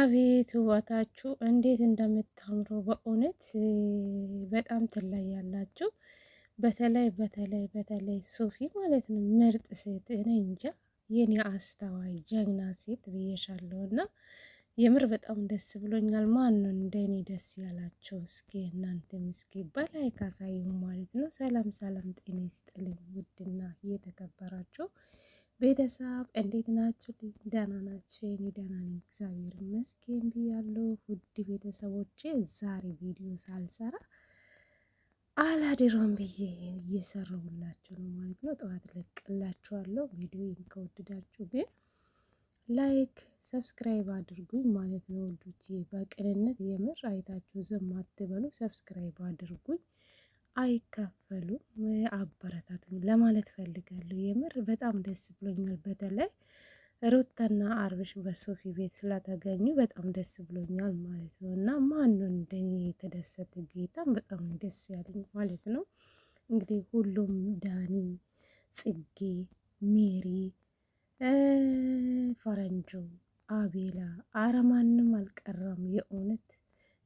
አቤት ውበታችሁ እንዴት እንደምታምሩ በእውነት በጣም ትለያላችሁ። በተለይ በተለይ በተለይ ሶፊ ማለት ነው ምርጥ ሴት እኔ እንጃ የኔ አስተዋይ ጀግና ሴት ብዬሻለሁ። እና የምር በጣም ደስ ብሎኛል። ማን ነው እንደኔ ደስ ያላቸው? እስኪ እናንተም እስኪ በላይ ካሳዩ ማለት ነው። ሰላም ሰላም፣ ጤና ይስጥልኝ ውድና እየተከበራችሁ ቤተሰብ እንዴት ናችሁ? ደህና ናችሁ? የኔ ደህና ነኝ፣ እግዚአብሔር ይመስገን ብያለሁ። ውድ ቤተሰቦቼ ዛሬ ቪዲዮ ሳልሰራ አላድሮም ብዬ እየሰራሁላችሁ ነው ማለት ነው። ጠዋት ለቅላችኋለሁ። ቪዲዮን ከወደዳችሁ ግን ላይክ፣ ሰብስክራይብ አድርጉኝ ማለት ነው። ወዶቼ በቅንነት የምር አይታችሁ ዝም አትበሉ፣ ሰብስክራይብ አድርጉኝ። አይካፈሉም። አበረታቱኝ ለማለት ፈልጋለሁ። የምር በጣም ደስ ብሎኛል። በተለይ ሩታና አብርሽ በሶፊ ቤት ስላተገኙ በጣም ደስ ብሎኛል ማለት ነው። እና ማነው እንደኔ የተደሰተ ጌታም በጣም ደስ ያለኝ ማለት ነው። እንግዲህ ሁሉም ዳኒ፣ ጽጌ፣ ሜሪ፣ ፈረንጆ፣ አቤላ አረማንም አልቀረም የእውነት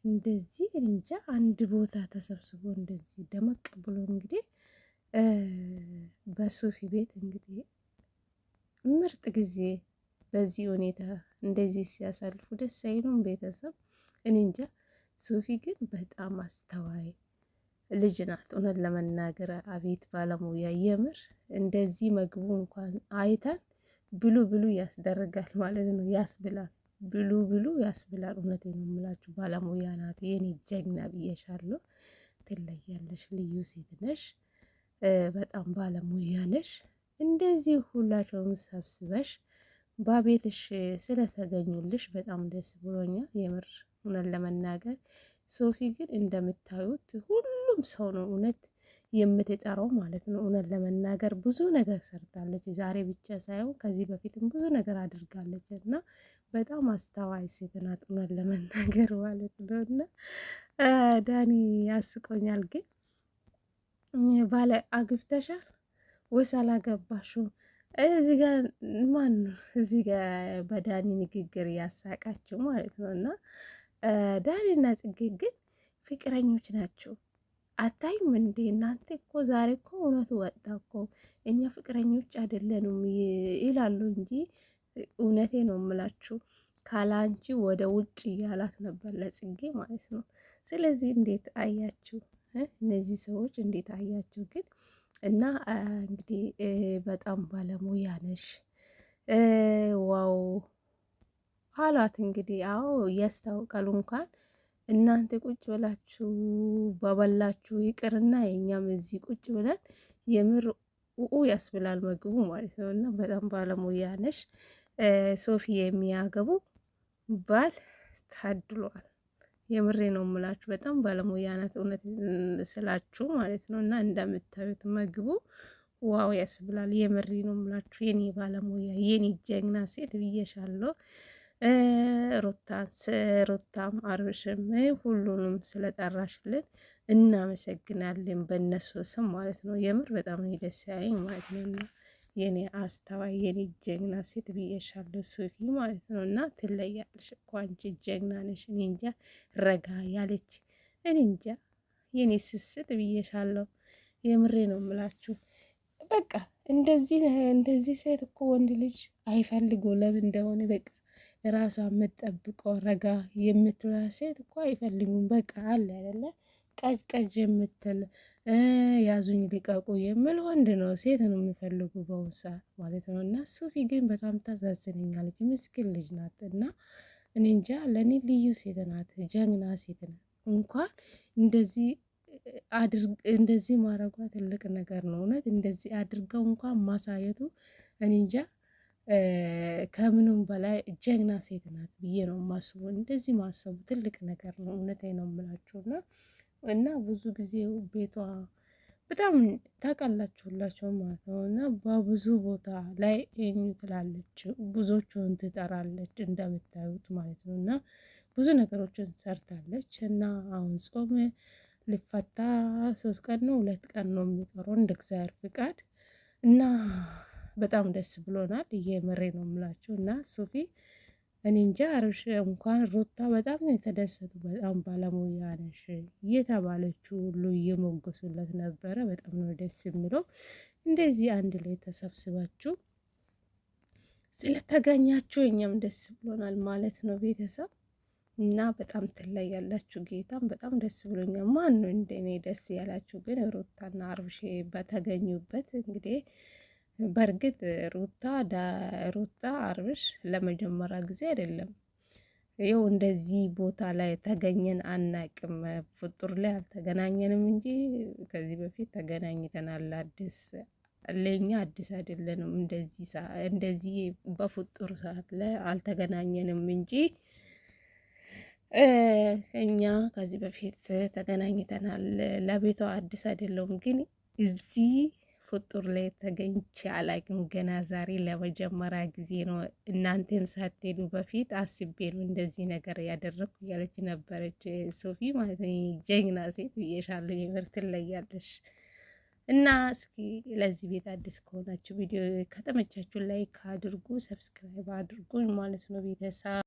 እንደዚህ እንጃ አንድ ቦታ ተሰብስቦ እንደዚህ ደመቅ ብሎ እንግዲህ በሶፊ ቤት እንግዲህ ምርጥ ጊዜ በዚህ ሁኔታ እንደዚህ ሲያሳልፉ ደስ አይሉም ቤተሰብ? እኔ እንጃ። ሶፊ ግን በጣም አስተዋይ ልጅ ናት። እውነት ለመናገር አቤት ባለሙያ! የምር እንደዚህ ምግቡ እንኳን አይታን ብሉ ብሉ ያስደርጋል ማለት ነው፣ ያስብላል። ብሉ ብሉ ያስብላል። እውነት ነው የምላችሁ ባለሙያ ናት የኔ ጀግና ብዬሻለሁ። ትለያለሽ፣ ልዩ ሴት ነሽ፣ በጣም ባለሙያ ነሽ። እንደዚህ ሁላቸውም ሰብስበሽ በቤትሽ ስለተገኙልሽ በጣም ደስ ብሎኛል። የምር እውነት ለመናገር ሶፊ ግን እንደምታዩት ሁሉም ሰው ነው እውነት የምትጠራው ማለት ነው። እውነት ለመናገር ብዙ ነገር ሰርታለች። ዛሬ ብቻ ሳይሆን ከዚህ በፊትም ብዙ ነገር አድርጋለች እና በጣም አስተዋይ ሴት ናት። እውነት ለመናገር ማለት ነው እና ዳኒ ያስቆኛል። ግን ባለ አግብተሻል ወይስ አላገባሽም? እዚህ ጋር ማን እዚህ ጋር በዳኒ ንግግር እያሳቃችሁ ማለት ነው እና ዳኒና ጽጌ ግን ፍቅረኞች ናቸው። አታዩም እንዴ እናንተ እኮ ዛሬ እኮ እውነቱ ወጣ እኮ እኛ ፍቅረኞች አይደለንም ይላሉ እንጂ እውነቴ ነው የምላችሁ ካላንቺ ወደ ውጭ እያላት ነበር ለጽጌ ማለት ነው። ስለዚህ እንዴት አያችሁ እነዚህ ሰዎች እንዴት አያችሁ ግን እና እንግዲህ በጣም ባለሙያ ነሽ ዋው አሏት። እንግዲህ አዎ እያስታውቃሉ እንኳን እናንተ ቁጭ ብላችሁ ባባላችሁ ይቅርና የእኛም እዚህ ቁጭ ብለን የምር ውኡ ያስብላል ምግቡ ማለት ነው። እና በጣም ባለሙያ ነሽ ሶፊ። የሚያገቡ ባል ታድሏል። የምሬ ነው ምላችሁ። በጣም ባለሙያ ናት እውነት ስላችሁ ማለት ነው። እና እንደምታዩት ምግቡ ዋው ያስብላል። የምሬ ነው ምላችሁ። የኔ ባለሙያ የኔ ጀግና ሴት ብዬሻለሁ። ሩታን ሩታም አብርሽም ሁሉንም ስለጠራሽልን እናመሰግናለን። በእነሱ ስም ማለት ነው። የምር በጣም ነው ደስ ያለኝ ማለት ነው። እና የኔ አስተዋይ የኔ ጀግና ሴት ብዬሻለሁ ሶፊ ማለት ነው። እና ትለያለሽ እኮ አንቺ ጀግና ነሽ። እኔ እንጃ ረጋ ያለች እኔ እንጃ የኔ ስስት ብዬሻለሁ። የምሬ ነው ምላችሁ በቃ እንደዚህ እንደዚህ ሴት እኮ ወንድ ልጅ አይፈልጉ ለምን እንደሆነ በቃ ራሷ የምትጠብቀው ረጋ የምትላ ሴት እኮ አይፈልጉም። በቃ አለ አይደለ ቀጭቀጭ የምትል ያዙኝ ሊቀቁ የምል ወንድ ነው ሴት ነው የሚፈልጉ በአሁኑ ሰዓት ማለት ነው። እና ሶፊ ግን በጣም ታሳዝነኛለች። ምስኪን ልጅ ናት እና እኔ እንጃ ለእኔ ልዩ ሴት ናት፣ ጀግና ሴት ናት። እንኳን እንደዚህ እንደዚህ ማድረጓ ትልቅ ነገር ነው። እውነት እንደዚህ አድርገው እንኳን ማሳየቱ እኔ እንጃ ከምንም በላይ ጀግና ሴት ናት ብዬ ነው ማስቡ። እንደዚህ ማሰቡ ትልቅ ነገር ነው። እውነት ነው የምላችሁ እና እና ብዙ ጊዜ ቤቷ በጣም ታውቃላችሁ ማለት ነው እና በብዙ ቦታ ላይ ኝ ትላለች፣ ብዙዎቹን ትጠራለች እንደምታዩት ማለት ነው እና ብዙ ነገሮችን ሰርታለች እና አሁን ጾም ሊፈታ ሶስት ቀን ነው ሁለት ቀን ነው የሚቀረው እንደ እግዚአብሔር ፍቃድ እና በጣም ደስ ብሎናል። የምሬ ነው የምላችሁ እና ሶፊ እኔ እንጃ አብርሽ እንኳን ሩታ በጣም ነው የተደሰቱ። በጣም ባለሙያ ነሽ እየተባለችው ሁሉ እየሞገሱለት ነበረ። በጣም ነው ደስ የሚለው እንደዚህ አንድ ላይ ተሰብስባችሁ ስለተገኛችሁ እኛም ደስ ብሎናል ማለት ነው ቤተሰብ እና በጣም ያላችሁ ጌታም በጣም ደስ ብሎኛል። ማን ነው እንደኔ ደስ ያላችሁ? ግን ሩታና አብርሽ በተገኙበት እንግዲህ በእርግጥ ሩታ ሩታ አብርሽ ለመጀመሪያ ጊዜ አይደለም። ይኸው እንደዚህ ቦታ ላይ ተገኘን አናቅም። ፍጡር ላይ አልተገናኘንም እንጂ ከዚህ በፊት ተገናኝተናል። አዲስ ለኛ አዲስ አይደለንም። እንደዚህ እንደዚህ በፍጡር ሰዓት ላይ አልተገናኘንም እንጂ እኛ ከዚህ በፊት ተገናኝተናል። ለቤቷ አዲስ አይደለውም ግን እዚህ ፍጡር ላይ ተገኝቼ አላቅም። ገና ዛሬ ለመጀመሪያ ጊዜ ነው። እናንተም ሳትሄዱ በፊት አስቤ ነው እንደዚህ ነገር ያደረግኩ እያለች ነበረች ሶፊ ማለት ጀግና ሴት ብዬሻለሁ። የምር ትለያለሽ። እና እስኪ ለዚህ ቤት አዲስ ከሆናችሁ ቪዲዮ ከተመቻችሁ ላይክ አድርጉ፣ ሰብስክራይብ አድርጉኝ ማለት ነው ቤተሰብ